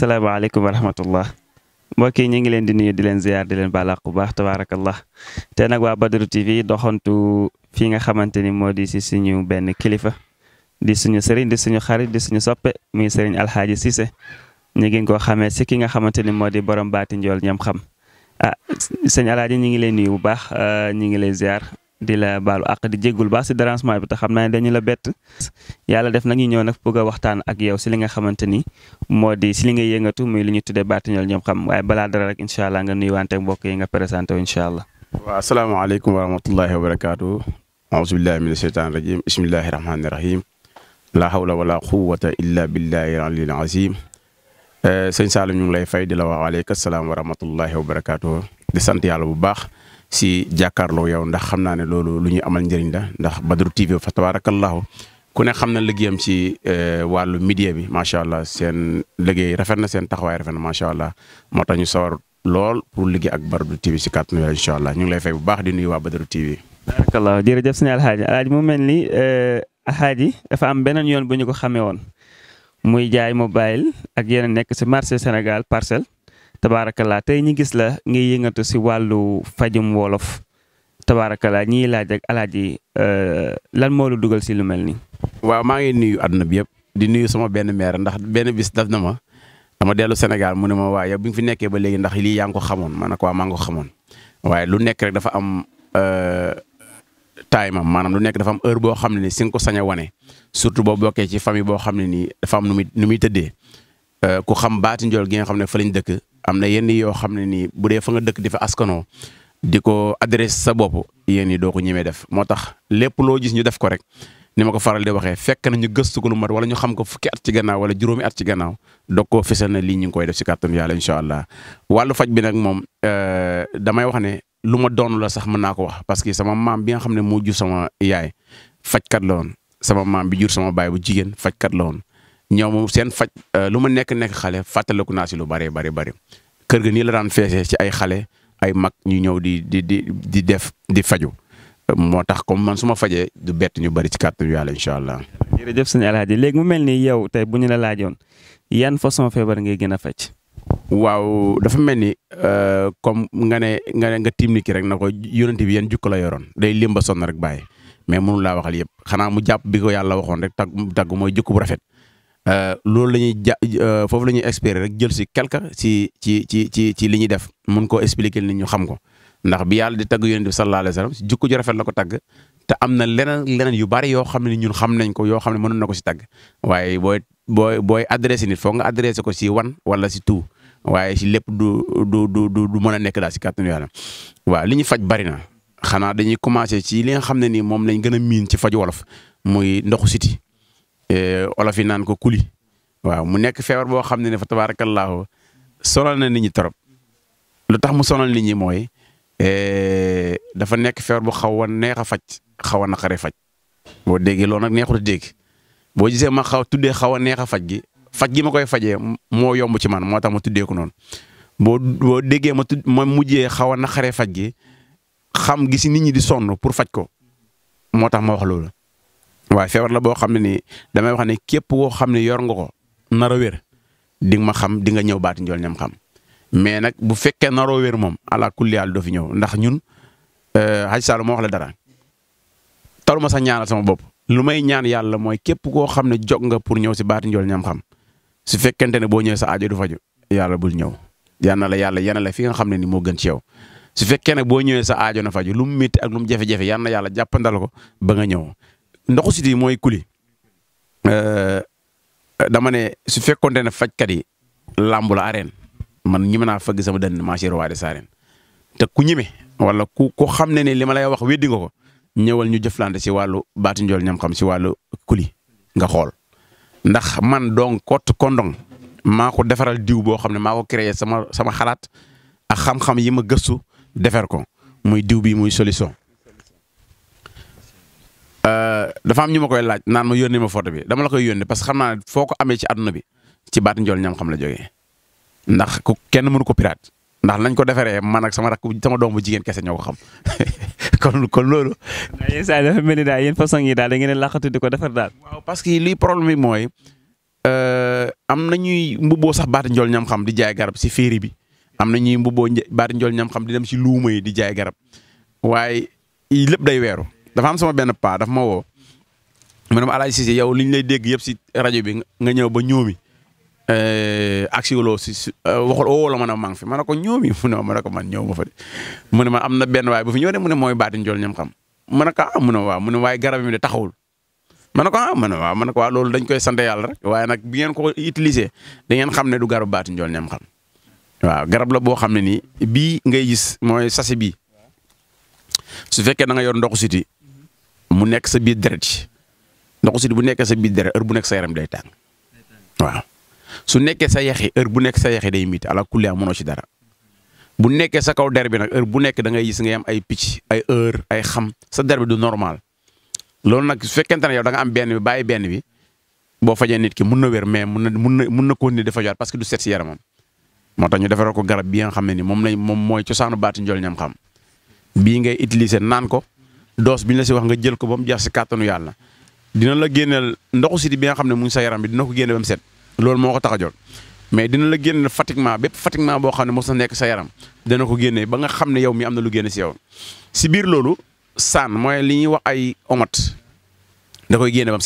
asalaamaaleykum wa rahmatullah mbokk yi ñu ngi leen di nuyu di leen ziar di leen baalaq bu baax tabaarakallah te nag waa Badru TV doxantu fii nga xamante ni moo di si suñu benn kilifa di suñu sëriñ di suñu xarit di suñu soppe muy sëriñ Alxaaji Cissé ñu ngi ko xamee si ki nga xamante ni moo di borom baati njool ñam xam ah sëñ ñu ngi leen nuyu bu baax ah, ñu ngi lay ziar di la baalu àq di jéggul baax si dérangement xam naa ne dañu la bett yàlla def ñu ñëw nag bëgg a waxtaan ak yow si li nga xamante ni moo di si li nga yëngatu muy li ñu tuddee baatiñool ñoom xam waaye balaa dara rek incha allah nga nuyuwante mbokk yi nga présenté wu incha allah. waaw asalaamaaleykum wa rahmatullahi wa barakaatu. auzu billahi mina sheytaani rajim bismillahi rahmaani rahim. la hawla wala quwwata illa billahi alil azim. Eh, sëñ Saalum ñu ngi lay fay di la wax waaleykum salaam wa rahmatullahi wa barakaatu. di sant yàlla bu baax. si jàkkaarloo yow ndax xam naa ne loolu lu ñuy amal njëriñ la ndax Badru TV fa tabaarakallaahu ku ne xam na liggéeyam ci euh, wàllu média bi macha allah seen liggéey rafet na seen taxawaay rafet na macha allah moo tax ñu sawar lool pour liggéey ak Badru TV si kàttanu Yàlla incha allah ñu ngi lay fay bu baax di nuyu waa Badru TV. barakallah jërëjëf sëñ Alxaaji Alxaaji mu mel ni euh, Alxaaji dafa am beneen yoon bu ñu ko xamee woon muy jaay mobile ak yeneen nekk si marché Sénégal parcelle. tabaarakallaa tey ñi gis la ngi yëngatu si wàllu fajum wolof ñi tabaarakallaa ñiy laaj ak alaaji euh, lan moo lu dugal si lu mel nii. waaw maa ngi nuyu àdduna bi yëpp di nuyu sama benn maire ndax benn bis daf na ma dama dellu senegal mu ne ma waaye yow bi nga fi nekkee ba léegi ndax lii yaa ngi ko xamoon ma ne ko waa maa ngi ko xamoon waaye lu nekk rek dafa am euh, time ma maanaam lu nekk dafa am heure boo xam ne ni si nga ko sañ a wane surtout boo bokkee ci famille boo xam ne nii dafa nu muy nu muy tëddee euh, ku xam baati njool gi nga xam ne fa lañ dëkk am na yenn yoo xam ne nii bu dee fa nga dëkk di askanoo di ko adresse sa bopp yéen yi doo ko ñemee def moo tax lépp loo gis ñu def ko rek ni ma ko faral di waxee fekk na ñu gëstu ko lu mat wala ñu xam ko fukki at ci gannaaw wala juróomi at ci gannaaw doog koo fesal na lii ñu ngi koy def si kàttanu yàlla incha allah wàllu faj bi nag moom euh, damay wax ne lu ma doon la sax mën naa ko wax parce que sama maam bi nga xam ne moo jur sama yaay fajkat la woon sama maam bi jur sama baay bu jigéen fajkat la woon ñoom seen faj euh, lu ma nekk nekk xale fàttaliku naa si lu bare bare bari kër ga nii la daan feesee ci ay xale ay mag ñu ñëw di di di def di faju moo tax comme man su ma fajee du bett ñu bari ci kàttanu yàlla incha allah. jërëjëf sëñ Alaaji léegi mu mel ni yow tey bu ñu la laajoon yan façon feebar ngay gën a faj. waaw dafa mel ni euh, comme nga ne nga ne nga tiim ni ki rek na ko yónnante bi yan jukk la yoroon day limba ba sonn rek bàyyi mais mënu laa waxal yëpp xanaa mu jàpp bi ko yàlla waxoon rek tag tagg mooy jukk bu rafet. Euh, loolu la ñuy ja euh, foofu la ñuy espérer rek jël si quelque si ci ci ci ci li ñuy def mën koo expliquer nit ñu xam ko ndax bi yàlla di tagg yonent bi sallallahu alayhi wasallam jukko ju rafet la ko tagg am na leneen leneen yu bari yoo xam ne ñun xam nañ ko yoo xam ne mënoon na ko si tagg waaye booy booy booy adressé nit foog nga adressé ko si wan wala si tout waaye si lépp du du du du du mën a nekk daal si kàttanu yàlla waaw li ñu faj bari na xanaa dañuy commencé ci li nga xam ne nii moom lañ gën a miin ci faju wolof muy ndoxu siti Eh, olof yi naan ko kuli waaw mu nekk feebar boo xam ne ne fa tabaarakallaahu sonal na ni ñi trop lu tax mu sonal nit ñi mooy eh, dafa nekk feebar bu xaw a neex a faj xaw a naqaree faj boo déggee loolu nag neexut dégg boo gisee ma xaw tuddee xaw a neex a faj gi faj gi ma koy faje moo yomb ci man moo tax ma tuddee ko noonu boo déggee ma tudd mujjee xaw a naqaree faj gi xam gi si nit ñi di sonn pour faj ko moo tax ma wax loolu. waaye feebar la boo xam ne nii damay wax ne képp koo xam ne yor nga ko naro a wér ma xam di nga ñëw baati njool ñam xam mais nag bu fekkee naro wér moom ala kulli haal doo fi ñëw ndax ñun euh, Hadj Sall moo wax la dara taruma sax ñaanal sama bopp lu may ñaan yàlla mooy képp koo xam ne jog nga pour ñëw si baati njool ñam xam su fekkente ne boo ñëwee sa aajo du faju yàlla bul ñëw yal na la yàlla yana la fi nga xam ne ni moo gën ci yow su fekkee ne boo ñëwee sa aajo na faju lu mu métti ak lu mu jafe-jafe na yàlla jàppandal ko ba nga ñëw ndoxu siti mooy kuli euh, dama ne su fekkonte ne fajkat yi làmb la arène man ñi mën naa fëgg sama dënn maa siy rawaale sa arène te ku ñime wala ku ko xam ne ni li ma lay wax weddi nga ko ñëwal ñu jëflante si wàllu baati njool ñam xam si wàllu kuli nga xool ndax man donc kott kondong maa ko defaral diw boo xam ne maa ko créé sama sama xalaat ak xam-xam yi ma gëstu defar ko muy diw bi muy solution dafa am ñu ma koy laaj naan ma yónnee ma photo bi dama la koy yónnee parce que xam naa ne foo ko amee ci àdduna bi ci baat njool ñam xam la jógee ndax ku kenn mënu ko pirate ndax lañ ko defaree man ak sama rak sama doom jigéen kese ñoo ko xam kon kon loolu. waaye saa dafa mel ni daal yéen façon yi daal da ngeen laqatu de ko defar daal. waaw parce que lii problème mooy euh, am na ñuy mbubboo sax baat njool ñam xam di jaay garab si féeri bi am na ñuy mbubboo baat njool ñam xam di dem si luuma yi di jaay garab waaye lépp day weeru dafa am sama benn paa dafa ma woo ma ne ma Alaaji Cissé yow li ñu lay dégg yëpp si rajo bi nga ñëw ba ñoomi eh, aksi wala si si eh, waxul woo la ma ne ma ngi fi ma ne ko ñoomi mu ne ma ne ko man ñëw ma fa de mu ne ma am na benn waay bu fi ñëw de mu ne mooy baati njool ñam xam ma ne ko ah mu ne waaw mu ne waaye garab mi de taxawul ma ne ko ah ma ne waaw ma ne ko waaw loolu dañ koy sant yàlla rek waaye nag bi ngeen ko utiliser da ngeen xam ne du garab baati njool ñam xam waaw garab la boo xam ne nii bii ngay gis mooy sachet bii su fekkee da nga yor ndoxu siti mu nekk sa biir deret ndoxu siti bu nekkee sa biir deret heure bu nekk sa yaram day tàng waaw su nekkee sa yaxi heure bu nekk sa yaxi day miit ala kulli mënoo ci dara bu nekkee sa kaw der bi nag heure bu nekk da ngay gis nga am ay picc ay heure ay xam sa der du normal loolu nag su fekkente ne yow da nga am benn bi bàyyi benn bi boo fajee nit ki mun na wér mais mun na mun na mun na continuer dafa joxe parce que du set si yaramam moo tax ñu defaree ko garab bi nga xam ne ni moom lañ moom mooy cosaanu baati njool ñam xam bii ngay utiliser naan ko dose bi ñu la wax nga jël ko ba mu jeex si kàttanu yàlla dina la génneel ndoxu siti bi nga xam ne mu sa yaram bi dina ko génne ba mu set loolu moo ko tax a jot mais dina la génneel bépp fatiguement boo xam ne mos na nekk sa yaram ko génne ba nga xam ne yow mi am na lu génne si yow si biir loolu saan mooy li ñuy wax ay omat da koy génne ba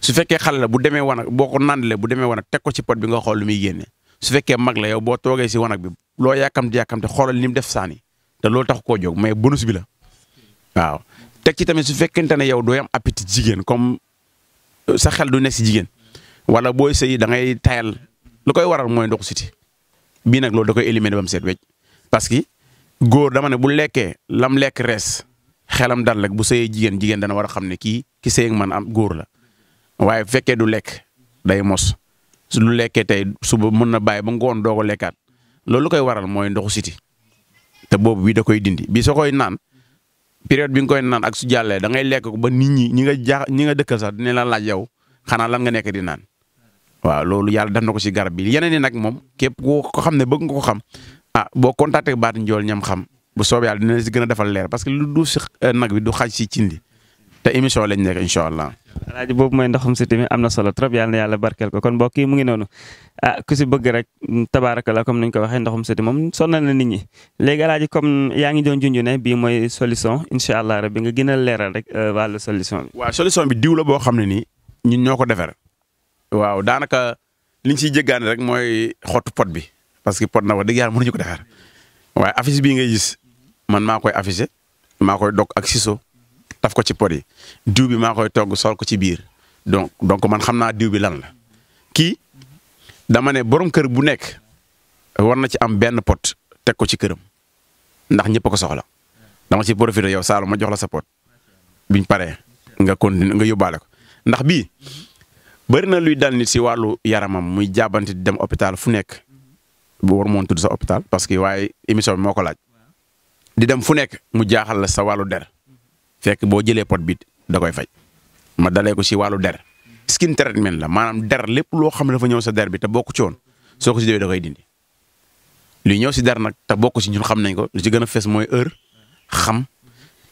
su fekkee xale la bu demee wanag boo ko nandalee bu demee wanag teg ko ci pot bi nga xool lu muy génne su fekkee mag la yow boo toogee si wanag bi loo yàkkamti yàkkamti xoolal ni mu def saani te loolu tax koo jóg mais bonus bi la waaw teg ci tamit su fekkente ne yow dooy am appétit jigéen comme euh, sa xel du nekk si jigéen wala booy sëy da ngay tayal lu koy waral mooy ndoxu siti bii nag loolu da koy éliminer ba mu seet parce que góor dama bu lekkee lam lekk rees xelam dal rek bu sëyee jigéen jigéen dana war a xam ne kii ki sëy ak man am góor la waaye bu fekkee du lekk day mos su du lekkee tey suba mën na bàyyi ba ngoon doog a lekkaat loolu lu koy waral mooy ndoxu siti te boobu bii da koy dindi bi soo koy naan. période bi nga koy naan ak su jàllee da lekk ko ba nit ñi ñi nga jaax ñi nga dëkkal sax dina la laaj yow xanaa lan nga nekk di naan waaw loolu yàlla def na ko si garab bi yeneen yi nag moom képp koo ko xam ne bëgg nga ko xam ah boo contacté baat njool ñam xam bu soobee yàlla dina si gën defal leer parce que lu du si euh, nag bi du xaj si cindi te émission lañ nekk incha allah alaaji boobu mooy ndoxum si tamit am na solo trop yàlla na yàlla barkeel ko kon mbokk yi mu ngi noonu ah ku si bëgg rek tabaaraka la comme nañ ko waxee ndoxum siti moom sonal na ni ñi léegi alaaji comme yaa ngi doon junj ne bii mooy solution incha allah rabbi nga gën a leeral rek euh, wàllu solution bi. waaw solution bi diw la boo xam ne nii ñun ñoo ko defer waaw daanaka liñ siy jéggaane rek mooy xottu pot bi parce que pot na wax dëgg yàlla ñu ko defar waaw affiche bii ngay gis man maa koy affiché maa koy dog ak taf ko ci pot yi diw bi maa koy togg sol ko ci biir donc donc man xam naa diw bi lan la kii dama ne borom kër bu nekk war na ci am benn pot teg ko ci këram ndax ñëpp ko soxla dama ci profité yow Saalum ma jox la sa pot biñ paree nga continué nga yóbbaale ko ndax bii bëri na luy dal nit si wàllu yaramam muy jàbbante di dem hôpital fu nekk bu war moon tudd sa hôpital parce que waaye émission moo ko laaj di dem fu nekk mu jaaxal la sa wàllu der fekk boo jëlee pot bi da koy faj ma dalee ko si wàllu der skin treatment la maanaam der lépp loo xam ne dafa ñëw sa der bi te bokku ci woon soo ko si déwee da koy dindi li ñëw si nag te bokk si ñun xam nañ ko lu ci gën a fes mooy heure xam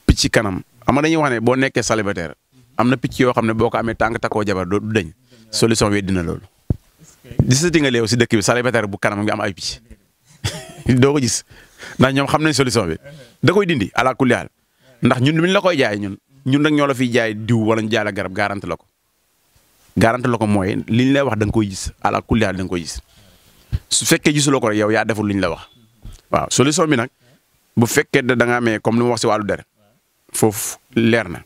picc kanam ama dañuy wax ne boo nekkee célibataire am na picc yoo xam ne boo ko amee tànk takkoo jabar doo du dañ solution bi dina loolu. gisati nga léew si dëkk bi célibataire bu kanam nga am ay picc doo ko gis ndax ñoom xam nañ solution bi da koy dindi ala kulli ndax ñun lu ñu la koy jaay ñun ñun rek ñoo la fiy jaay diw wala ñu jaay la garab garante la ko garante la ko mooy li ñu lay wax da nga koy gis ala kulli haal da nga koy gis su fekkee gisuloo ko rek yow yaa deful li ñu la wax waaw solution bi nag bu fekkee da nga amee comme li ma wax si wàllu der foofu leer na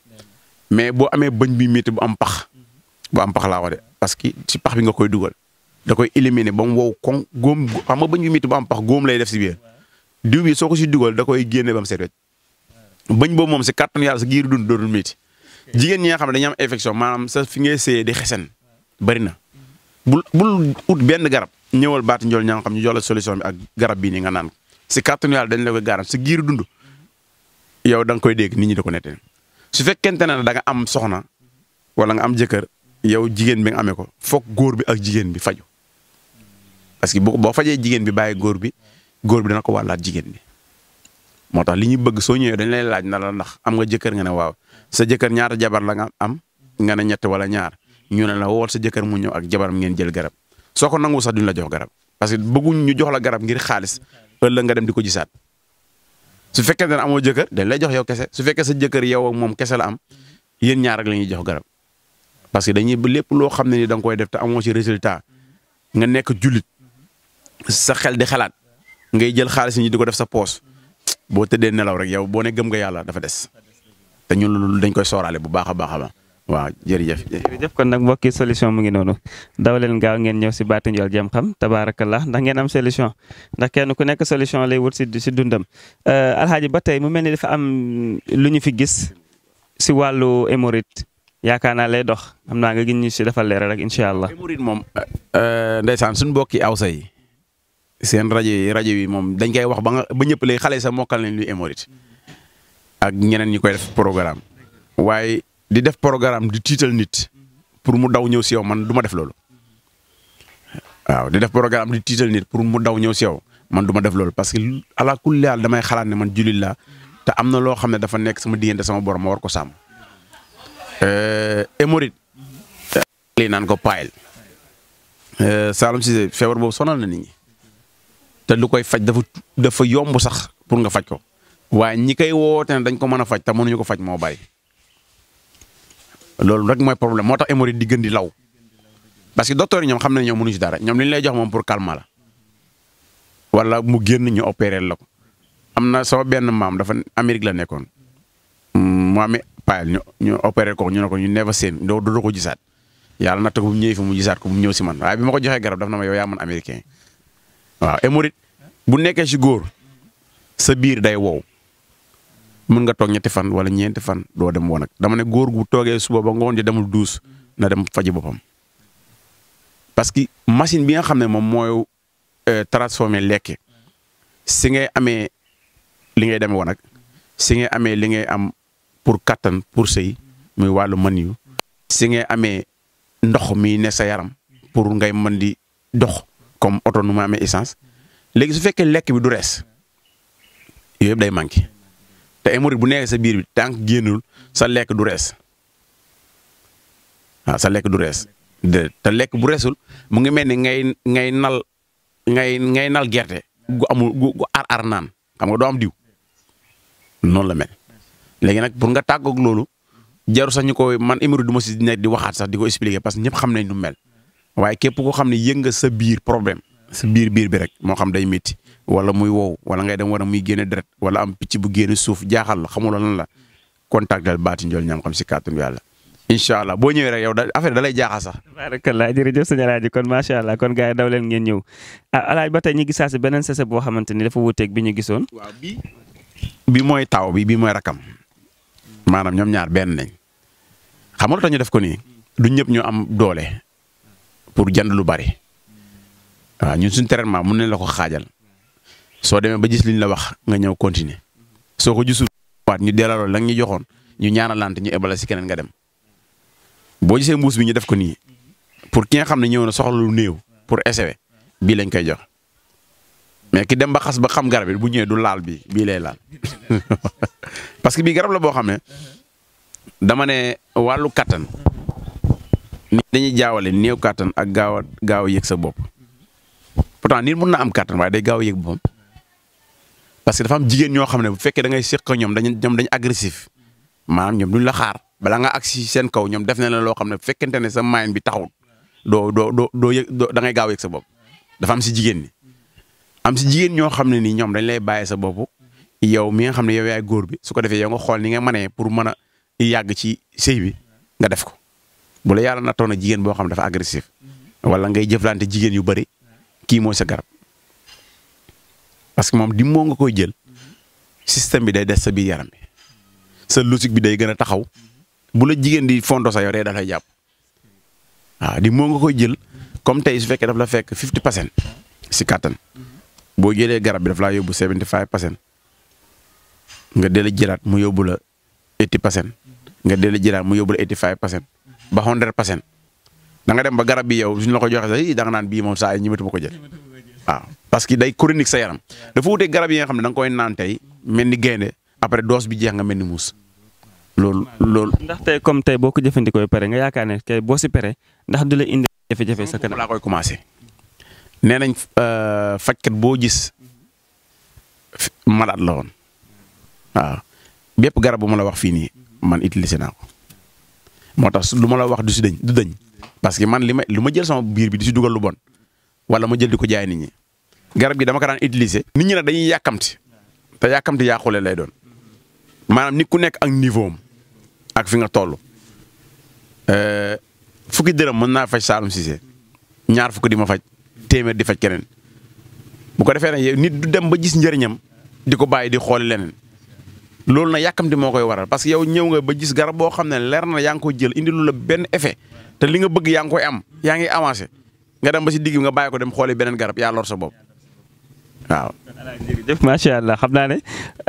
mais boo amee bëñ bi métti bu am pax bu am pax laa wax de parce que si pax bi nga koy dugal da koy éliminer ba mu wow koŋ góom xam nga bëñ bi métti bu am pax góom lay def si biir diw bi soo ko si dugal da koy génne ba mu set wecc bañ boobu moom si kàttanu yàlla sa giiru dund dootul métti jigéen ñi nga xam ne dañuy am infection maanaam sa fi ngay seeyee di xesen bari na bul ut benn garab ñëwal baati njool ña xam ñu jox la solution bi ak garab bii nii nga naan si kàttanu yàlla dañ la koy garan si giiru dund yow da nga koy dégg nit ñi da ko nettee su fekkente ne da nga am soxna wala nga am jëkkër yow jigéen bi nga amee ko foog góor bi ak jigéen bi faju parce que boo fajee jigéen bi bàyyi góor bi góor bi dana ko wàllaat jigéen bi moo tax li ñu bëgg soo ñëwee dañ lay laaj na la ndax am nga jëkkër nga ne waaw sa jëkkër ñaata jabar la nga am nga ne ñett wala ñaar ñu ne la wool sa jëkkër mu ñëw ak jabaram ngeen jël garab soo ko nangu sax duñ la jox garab parce que bëgguñ ñu jox la garab ngir xaalis ëllëg nga dem di ko gisaat su fekkee ne amoo jëkkër dañ lay jox yow kese su fekkee sa jëkkër yow moom kese la am yéen ñaar la ñuy jox garab parce que dañuy lépp loo xam ne ni da nga koy def te amoo ci résultat nga nekk jullit sa xel di xalaat ngay jël xaalis yi ñu di ko def sa poos boo tëddee nelaw rek yow boo ne gëm nga yàlla dafa des te ñun dañ koy sooraale bu baax a baax a waaw jërëjëf. jërëjëf kon nag mbokki solution mu ngi noonu daw leen gaaw ngeen ñëw si baati njool jëm xam tabaarakallah ndax ngeen am solution ndax kenn ku nekk solution lay wut si si dundam. Euh, Alxaaji ba tey mu mel ni dafa am lu ñu fi gis si wàllu hémorroïde yaakaar naa lay dox xam naa nga gis ñu si dafa leer rek incha allah. hémorroïde moom. Euh, euh, ndeysaan suñu mbokki awsa yi seen rajo yi rajo yi moom dañ koy wax ba nga ba ñëpp lay xale sa mokkal nañ ak ñeneen ñu koy def programme waaye di def programme di tiital nit pour mu daw ñëw si yow man duma def loolu di def programme di tiital nit pour mu daw ñëw si yow man du def loolu parce que ala kulli haal damay xalaat ne man jullit la te am na loo xam ne dafa nekk sama diggante sama borom ma war ko sàmm eh, émorite eh, lii naan ko paayel eh, Saloum Cissé feebar boobu sonal na nit te lu koy faj dafa dafa yomb sax pour nga faj ko waaye ñi koy woote ne dañ ko mën a faj ta te mënuñu ko faj moo bari loolu rek mooy problème moo tax hémorroïde diggandi law parce que docteur yi ñoom xam nañ ñoom mënuñu si dara ñoom li ñu lay jox moom pour calmer la wala mu génn ñu opérer la ko am na sama benn maam dafa Amérique la nekkoon mu amee paal ñu ñu opéré ko ñu ne ko ñu never seen doo doo ko gisaat yàlla natt ko bu mu waaye bi ma ko joxee garab daf na ma yow man américain. waaw hémorroïde bu nekkee ci góor sa biir day wow mën nga toog ñetti fan wala ñeenti fan doo dem woon ak dama ne góor gu toogee suba ba ngoon di demul duus na dem faji boppam parce que machine bi nga xam ne moom mooy euh, transformer lekk si ngay amee li ngay demee woon si ngay amee li ngay am pour kattan pour sëy muy wàllu man yu si ngay amee ndox mi ne sa yaram pour ngay mën di dox comme oto nu mu amee essence léegi su fekkee lekk bi du rees yooyu yëpp day manqué te hémorroïde bu nekkee sa biir bi tànk génnul sa lekk du rees waaw sa lekk du rees de te lekk bu reesul mu ngi mel ni ngay ngay nal ngay ngay nal gerte gu amul gu ar ar naan xam nga doom diw noonu la mel léegi nag pour nga tàggoog loolu jaru sax ñu ko man hémorroïde du si nekk di waxaat sax di ko expliquer parce que ñëpp xam nañ nu mel. waaye képp koo xam ne yëg nga sa biir problème sa biir biir bi rek moo xam day métti wala muy wow wala ngay dem war a muy génne deret wala am picc bu génne suuf jaaxal la xamuloo lan la contactal Baati jool ñam xam si kàttanu yàlla. incha allah boo ñëwee yow da affaire da jaaxal sax. barakallah jërëjëf sëñ Alaaji kon macha allah kon gars yi daw leen ngeen ñëw ah ba tey ñu gisaa si beneen sese boo xamante ni dafa wuuteeg bi ñu gisoon. waaw bi bi mooy taw bi bi mooy rakam maanaam ñoom ñaar benn nañ xam nga lu def ko nii du ñëpp ñu am doole pour jënd lu bari waaw ñun suñ traitement mun nañ la ko xaajal soo demee ba gis liñ la wax nga ñëw continuer soo ko gisul waat ñu delloo la nga ñu joxoon ñu ñaanalante ñu ebala si keneen nga dem boo jisee mbuus bi ñu def ko nii pour ki nga xam ne ñëw na soxla lu néew pour essayer bii lañ koy jox mais ki dem ba xas ba xam garab yi bu ñëwee du laal bi bii lay laal parce que bii garab la boo xam ne dama ne wàllu kattan nit dañuy jaawale néew kàttan ak gaaw gaaw a sa bopp pourtant nit mun na am kàttan waaye day gaaw a yëg boppam parce que dafa am jigéen ñoo xam ne bu fekkee da ngay ñoom dañu ñoom dañu agressif maam ñoom duñ la xaar bala nga agsi seen kaw ñoom def na la loo xam ne bu fekkente ne sa maayin bi taxawul doo doo doo doo yëg da sa bopp dafa am si jigéen ñi am si jigéen ñoo xam ne nii ñoom dañ lay bàyyi sa bopp yow mi nga xam ne yow yaay góor bi su ko defee yow nga xool ni nga mënee pour mën a yàgg ci sëy bi nga def ko. bu la yàlla nattoon na jigéen boo xam dafa agressif wala ngay jëflante jigéen yu bëri kii mooy sa garab parce que moom di moo nga koy jël système bi day des sa biir yaram bi sa logique bi day gën a taxaw bu la jigéen di fondo sa yore day dafay jàpp waaw di moo nga koy jël comme tey su fekkee daf la fekk 50 percent si kàttan boo jëlee garab bi daf laa yóbbu 75 percent nga dellu jëlaat mu yóbbu la 80 percent nga dellu jëlaat mu yóbbu la 85 percent ba hundred percent da nga dem ba garab bi yow suñ la ko joxe sax da nga naan bii moom saa yi ñëwatu ko jël waaw parce que day chronique sa yaram dafa wuteeg garab yi nga xam ne da koy naan tey mel ni gaynde après dose bi jeex nga mel ni muus loolu loolu. ndax tey comme tey boo ko jëfandikoo pare nga yaakaar ne kay boo si ndax du la indi jafe-jafe sa kanam laa koy commencé nee nañ euh, fajkat boo gis malaat la woon waaw bépp garab bu ma la wax fii nii man utiliser naa ko. moo tax lu ma la wax du si dañ du dëñ parce que man li ma lu ma jël sama biir bi di si dugal lu bon wala ma jël di ko jaay nit ñi garab gi dama ko daan utiliser. nit ñi nag dañuy yàkkamti te yàkkamti yàqule lay doon maanaam nit ku nekk ak niveau am ak fi nga toll eh, fukki dërëm mën naa faj Saalum Cissé ñaar fukki di ma faj téeméer di faj keneen bu ko defee nag nit du dem ba gis njëriñam di ko bàyyi di xool leneen. loolu na yàkkamti moo koy waral parce que yow ñëw nga ba gis garab boo xam ne leer na yaa ngi koy jël indi lu la benn effet te li nga bëgg yaa ngi koy am yaa ngi avancé nga dem ba si digg nga bàyyi ko dem xooli beneen garab yaa lor sa bopp waaw. jërëjëf macha xam naa ne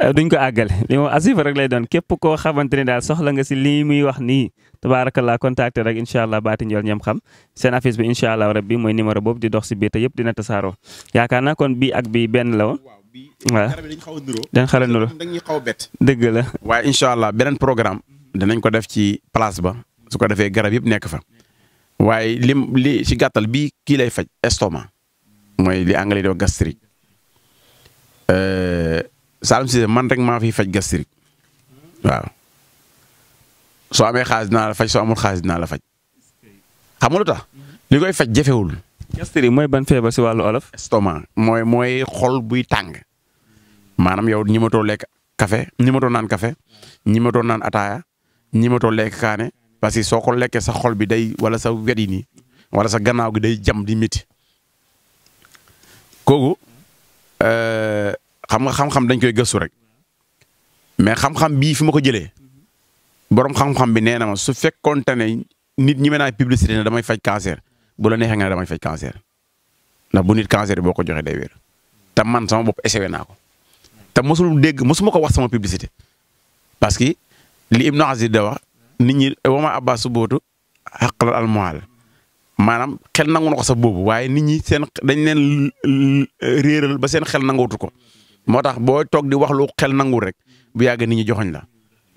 euh, duñ ko àggale li moom asif rek lay doon képp koo xamante ne daal soxla nga si lii muy wax nii tabaarakallah contacté rek incha allah baati njool ñam xam seen affiche bi incha allah rabbi mooy numéro boob di dox si biir te yëpp dina tasaaroo yaakaar naa kon bii ak bii benn la bi garab yi dañ a nuroo a a bett dëgg la waaye incha allah beneen programme danañ ko def ci place ba su ko defee garab yëpp nekk fa waaye lim li si gàttal bii kii lay faj estomac mooy li anglais doo gastrique euh, Saloum Cissé man rek maa fi faj gastrique waaw soo amee xaalis dinaa la faj soo amul xaalis dinaa la faj xam nga lu tax mm-hmm. li koy faj jafewul gastrique mooy ban feebar si wàllu olof estomac mooy mooy xol buy tàng maanaam yow ñi ma lekk kafe ñi ma naan kafe ñi ma naan ataaya ñi ma lekk kaane parce que soo ko lekkee sa xol bi day wala sa wet yi nii wala sa gannaaw gi day jam di métti kooku euh, xam nga xam-xam dañ koy gëstu rek mais xam-xam bii fi ma ko jëlee borom xam-xam bi nee na ma su fekkoonte ne nit ñi mën naa publicité ne damay faj cancer bu la neexee nga ne damay faj cancer bu nit cancer boo ko joxee day wér te man sama bopp essayé naa ko. te mosul dégg mosuma ko wax sama publicité parce que li Ibnu Aziz da wax nit ñi wama abbas su bootu xaqalal almuhaal maanaam xel nangu na sa boobu waaye nit ñi seen dañ leen réeral ba seen xel nangootu ko moo tax boo toog di wax lu xel nanguwul rek bu yàgg nit ñi joxoñ la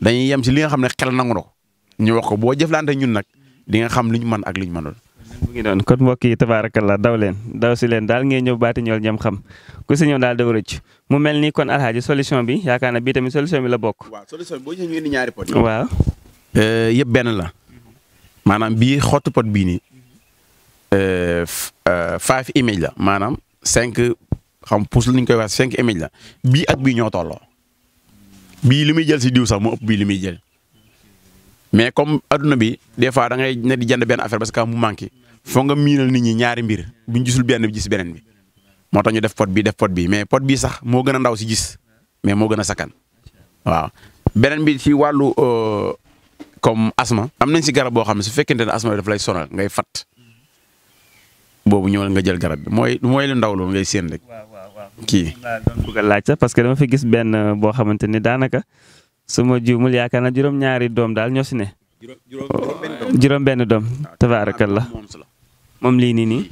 dañuy yem si li nga xam ne xel nangu na ñu wax ko boo jëflante ñun nag di nga xam li ñu mën ak luñ ñu mënul mu ngi noonu kon mbokk yi tabaarakallah daw leen daw si leen daal ngeen ñëw baati ñool ñam xam ku si ñëw daal daw rëcc mu mel ni kon alxaaji solution bi yaakaar na bii tamit solution bi la bokk. waaw solution bi boo ñu eh, yëpp benn la maanaam bii xottu bii nii eh, eh, five image la maanaam cinq xam pouce la ñu koy wax cinq image la bii ak bi ñoo tolloo bii li muy jël si diw sax mu ëpp bii li muy jël. mais comme adduna bi des fois da ngay ne di jënd benn affaire parce que mu manqué foo nga miinal nit ñi ñaari mbir buñ gisul benn bi gis beneen bi moo tax ñu def pot bi def pot bi mais pot bi sax moo gën a ndaw si gis mais moo gën a sakkan waaw beneen bi ci wàllu euh, comme asma am nañ si garab boo xam ne su fekkente ne asma daf lay sonal ngay fat boobu ñëwal nga jël garab bi mooy mooy lu ndaw loolu ngay séen rek kii. bëgg a parce que dama fi gis benn euh, boo xamante ni daanaka su ma juumul yaakaar na juróom-ñaari doom daal ñoo si ne. juróom-benn doom tabaarakallah moom li nii nii.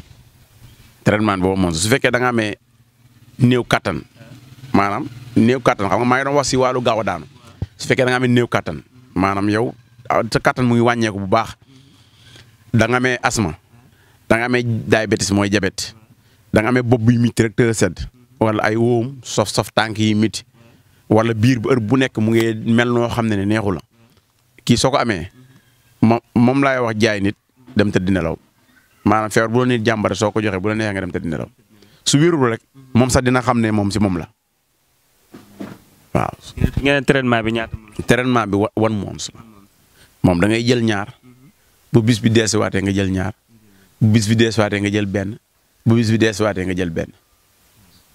traitement boobu moom su fekkee danga nga amee néew kattan maanaam néew kattan xam nga maa si wàllu gaaw a daanu su fekkee da nga amee néew kattan maanaam yow ah, sa kattan mu ngi wàññeeku bu baax danga nga amee asma danga nga amee diabète mooy jabet danga nga amee bopp bi mit rek te sedd wala ay wóom sof sof tànk yi mit wala biir bu heure bu nekk mu ngi mel noo xam ne ne neexu la kii soo ko amee moom moom laay wax jaay nit dem tëdd nelaw maanaam feebar bu la nit jàmbare soo ko joxee bu la neexee nga dem te dina su wérul rek moom sax dina xam ne moom si moom la waaw. ngeen traitement bi ñaata traitement bi wan moom su moom da ngay jël ñaar bu bis bi deesuwaatee nga jël ñaar bu bis bi deesuwaatee nga jël benn bu bis bi deesuwaatee nga jël benn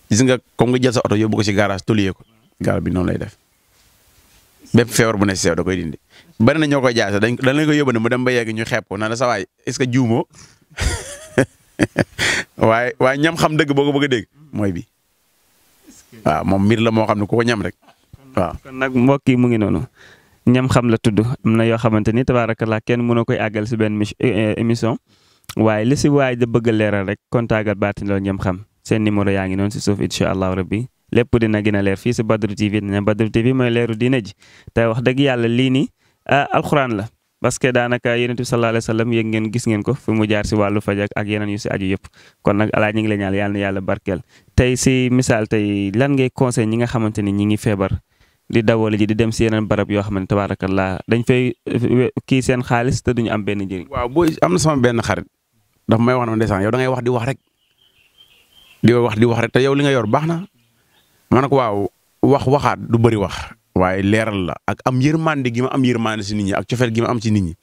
gis nga comme nga jël sa oto yóbbu ko si garage toliyee ko gaal bi noonu lay def bépp feebar bu ne si sew da koy dindi. bari na ñoo ko jaay sax dañ dañ la koy yóbbu ne mu dem ba yegg ñu xeeb ko na la est ce que juumoo waaye waaye ñam xam dëgg boo ko bëgg a dégg mooy bi waaw moom mbir la moo xam ne ko ñam rek waaw. kon nag mbokk yi mu ngi noonu ñam xam la tudd am na yoo xamante ni tabaarakalaa kenn mën na koy àggal si benn eh, eh, mission waaye li si waaye da bëgg leeral rek kontaagal baati loolu ñam xam seen numéro yaa ngi noonu si suuf incha allahu rabbi lépp dina gën a leer fii si Badru TV dina Badru TV mooy leeru diine ji te wax dëgg yàlla lii nii ah, alxuraan la. parce que daanaka yonent bi sallallahu alayhi wa sallam yëg ngeen gis ngeen ko fi mu jaar si wàllu faj ak yeneen yu si aju yëpp kon nag alaa ñu ngi la ñaan yàlla na yàlla barkeel tey si misaal tey lan ngay conseil ñi nga xamante ni ñi ngi feebar di dawale ji di dem si yeneen barab yoo xam ne laa dañ fay eh, kii seen xaalis te duñu am benn njëriñ. waaw boo am na sama benn xarit daf may wax na ndeysaan yow da ngay wax di wax rek di wax di wax rek te yow li nga yor baax na ma ko waaw wax waxaat du bëri wax waaye leeral la ak am yërmande gi am yërmande si nit ñi ak cofeel gi ma am ci nit ñi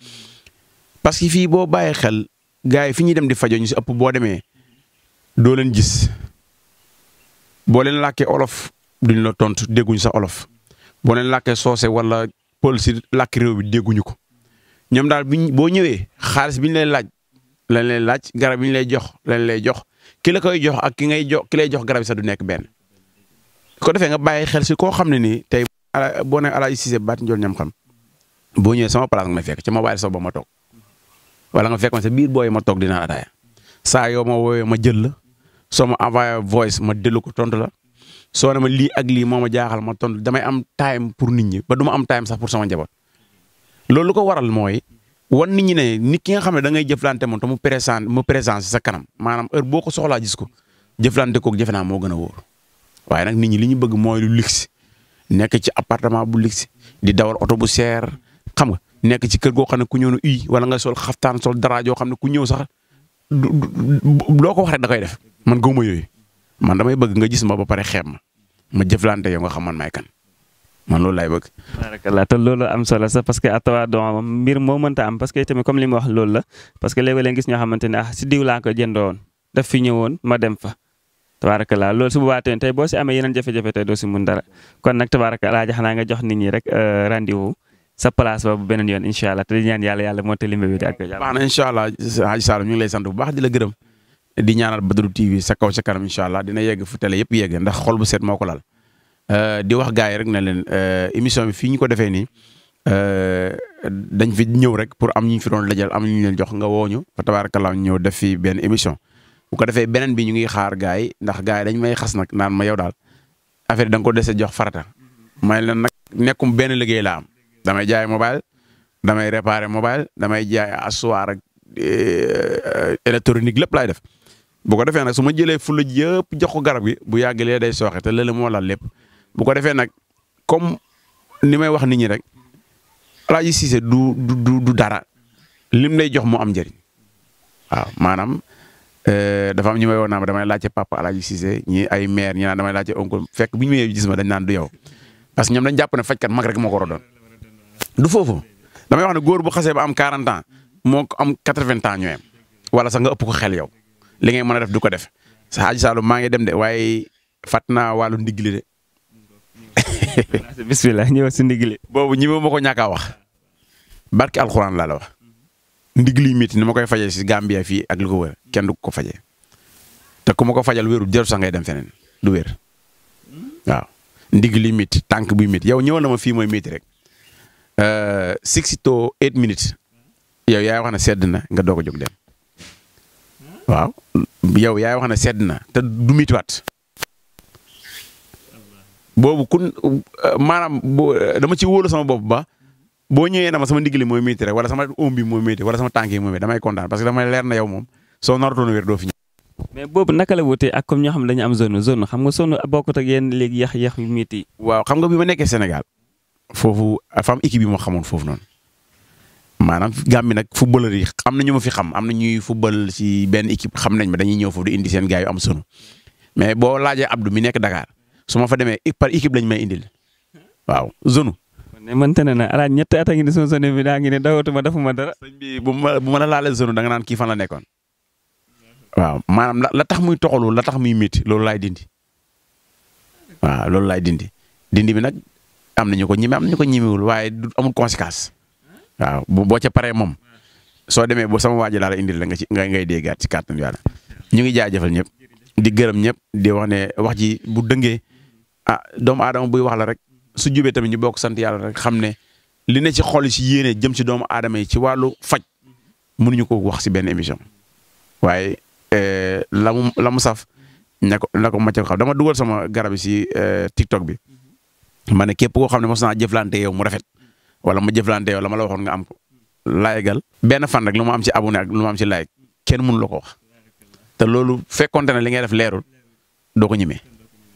parce que fii boo bàyyi xel gars yi fi ñuy dem di fajo ñu si ëpp boo demee doo leen gis boo leen làkkee olof duñ la tontu dégguñu sa olof boo leen làkkee soose wala pël si làkk réew bi dégguñu ko ñoom daal biñ boo ñëwee xaalis bi ñu lay laaj lañ lay laaj garab yi ñu lay jox lañ lay jox ki la koy jox ak ki ngay jox ki lay jox garab yi sax du nekk benn ko defee nga bàyyi xel ala boo nee Alaaji Cissé baati njool ñam xam boo ñëwee sama place nga ma fekk ca ma bàyyi sa ba ma toog wala nga fekk ma sa biir booy ma toog dinaa ataaya saa yoo ma woowee ma jël la soo ma envoyé voice ma dellu ko tontu la soo ne ma lii ak lii moo ma jaaxal ma tontu damay am time pour nit ñi ba duma am time sax pour sama njaboot loolu ko waral mooy wan nit ñi ne nit ki nga xam ne dangay ngay jëflante moom te mu présent mu présence sa kanam maanaam heure boo ko soxlaa gis ko jëflante koog jafe naa moo gën a wóor waaye nag nit nekk ci appartement bu luxe di dawal oto bu seer xam nga nekk ci kër goo xam ne ku ñëw ne uy wala nga sol xaftaan sol dara joo xam ne ku ñëw sax loo ko wax rek da koy def man gëwuma yooyu man damay bëgg nga gis ma ba pare xeeb ma ma jëflante yow nga xam man may kan man loolu laay bëgg. barakallah te loolu am solo sax parce que atawa doomam mbir moo am parce que tamit comme li wax loolu la parce que léeg-léeg gis ñoo xamante ne ah si diw laa ko jëndoo woon daf fi ñëwoon ma dem fa. tabaarakallaa loolu su boobaa tey boo si amee yeneen jafe-jafe tey doo si mun dara kon nag tabaarakallaa ja xanaa nga jox nit ñi rek euh, rendez-vous sa place ba bu beneen yoon incha allah te di ñaan yàlla yàlla moo te limbe bi di ak baax na incha allah Haji Saloum ñu ngi lay sant baax di la gërëm di ba Badru TV sa kaw sa kanam incha allah dina yegg fu télé yëpp yegg ndax xol bu seet moo ko laal euh, di wax gaa yi rek na leen euh, émission bi fii ñu ko defee nii dañ fi ñëw rek pour am ñu fi doon lajal am ñu leen jox nga wooñu fa tabaarakallaa ñëw def fi benn émission bu ko defee beneen bi ñu ngi xaar gaay yi ndax gaay yi dañ may xas nag naan ma yow daal affaire da ko dese jox farata may leen nag nekkum benn liggéey laa am damay jaay mobile damay réparer mobile damay jaay assoir ak euh, électronique lépp laay def bu ko defee nag su ma jëlee fula yëpp jox ko garab gi bu yàggalee day sooxe te lële moo lal lépp bu ko defee nag comme ni may wax nit ñi rek Alaaji Cissé du du du dara lim lay jox mu am njëriñ waaw maanaam Euh, dafa am ñu may woon naa ma damay laajte papa Alaaji Cissé ñi ay maire ñi naan damay laajte oncle fekk bu ñu mayee gis ma dañ naan du yow parce que ñoom dañ jàpp ne fajkat mag rek moo ko du foofu damay wax ne góor bu xasee ba am 40 ans moo ko am 80 ans ñooyam wala sax nga ëpp ko xel yow li ngay mën a def du ko def sa Aji Saalum maa ngi dem de waaye fàtt naa wàllu ndigli de. bisimilah ñëw si ndigli. boobu ñi ma ko ñàkk a wax barki alxuraan laa wax. ndig liy métti ni ma koy fajee si Gambia fii ak lu ko wër kenn du ko fajee te ku ma ko fajal wérul jarul sax ngay dem feneen du wér waaw ndig liy métti tànk buy métti yow ñëwoon na ma fii mooy métti rek euh, six to eight minutes yow yaay wax ne sedd na nga doog a jóg dem waaw yow yaay wax ne sedd na te du méttiwaat boobu kun euh, maanaam dama ci wóolu sama bopp boo ñëwee dama sama ndigali mooy miiti rek wala sama oom bi mooy miiti wala sama tànk yi mooy miiti damay kontaan parce que damay leer na yow moom soo naratoon wér doo fi ñëw mais boobu naka la wutee ak comme ñoo xam ne dañu am zone zone xam nga yi waaw xam nga foofu dafa am équipe noonu maanaam Gàmbi nag footballeur yi am ma fi xam am na ñuy football si benn équipe xam nañ ma dañuy ñëw foofu di indi seen gaa yu am sonu mais boo laajee Abdou mi nekk dakaar su ma fa demee par équipe lañ may indil waaw zone ne mënte ne na alaaj ñetti at a ngi ne sama zone bi daa ngi ne dawatuma defuma dara. sëñ bi bu ma bu ma la laalee zone da nga naan kii la nekkoon. waaw maanaam la la tax muy toxalu la tax muy métti loolu laay dindi. waaw loolu laay dindi dindi bi nag am nañu ko ñime am nañu ko ñimewul waaye du amul conséquence. waaw boo ca paree moom soo demee boo sama waa laal laa la indil la nga ci ngay ngay déggaat ci kàttan yàlla ñu ngi jaajëfal ñëpp di gërëm ñëpp di wax ne wax ji bu dëngee ah doomu aadama buy wax la rek su jubee tamit ñu bokk sant yàlla rek xam ne li ne si xol si yéene jëm si doomu aadama yi ci wàllu faj mënuñu ko wax si benn émission waaye eh, la mu la mu saf na ko na ko xam dama dugal sama garab yi si eh, TikTok bi ma ne képp koo xam ne mos naa jëflante yow mu rafet wala ma jëflante yow lama la waxoon nga am ko laayegal benn fan rek lu ma am si abonné ak lu ma am si like kenn mënu la ko wax te loolu fekkonte ne li ngay def leerul doo ko ñemee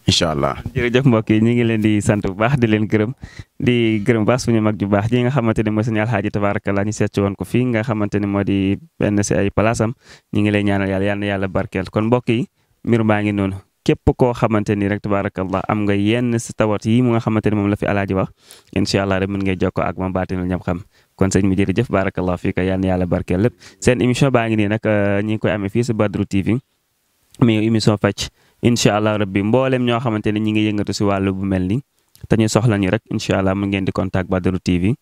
incha allah jërëjëf mbokk yi ñu ngi leen di sant bu baax di leen gërëm di gërëm baax suñu mag ju baax ji nga xamante ne mooy suñu alxaaji tabaarakallaa ñu seet woon ko fii nga xamante ne moo di benn si ay palaasam ñu ngi lay ñaanal yàlla yal na yàlla barkeel kon mbokk yi mbir maa ngi noonu képp koo xamante ni rek tabaarakallaa am nga yenn si tawat yi mu nga xamante ne moom la fi alaaji wax incha allah rek mën ngay jokkoo ak moom baatinul ñam xam kon sëñ bi jërëjëf baarakallaa fii ko yal na yàlla barkeel lépp seen émission baa ngi nii nag euh, ngi koy amee fii si Badru t mais émission facc incha allah rabbi mboolem ñoo xamante ne ñu ngi yëngatu si wàllu bu mel ni te ñu soxla ñu rek incha allah mu ngeen di contact Badru TV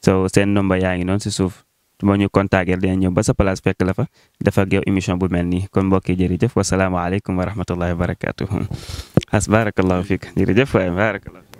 so seen nomba yaa ngi noonu si suuf moo ñu contacté dinañ ñëw ba sa place fekk la fa def ak yow bu mel nii kon mbokk yi jërëjëf wasalaamaaleykum wa rahmatullahi wa barakaatuhu as barakallahu fiik jërëjëf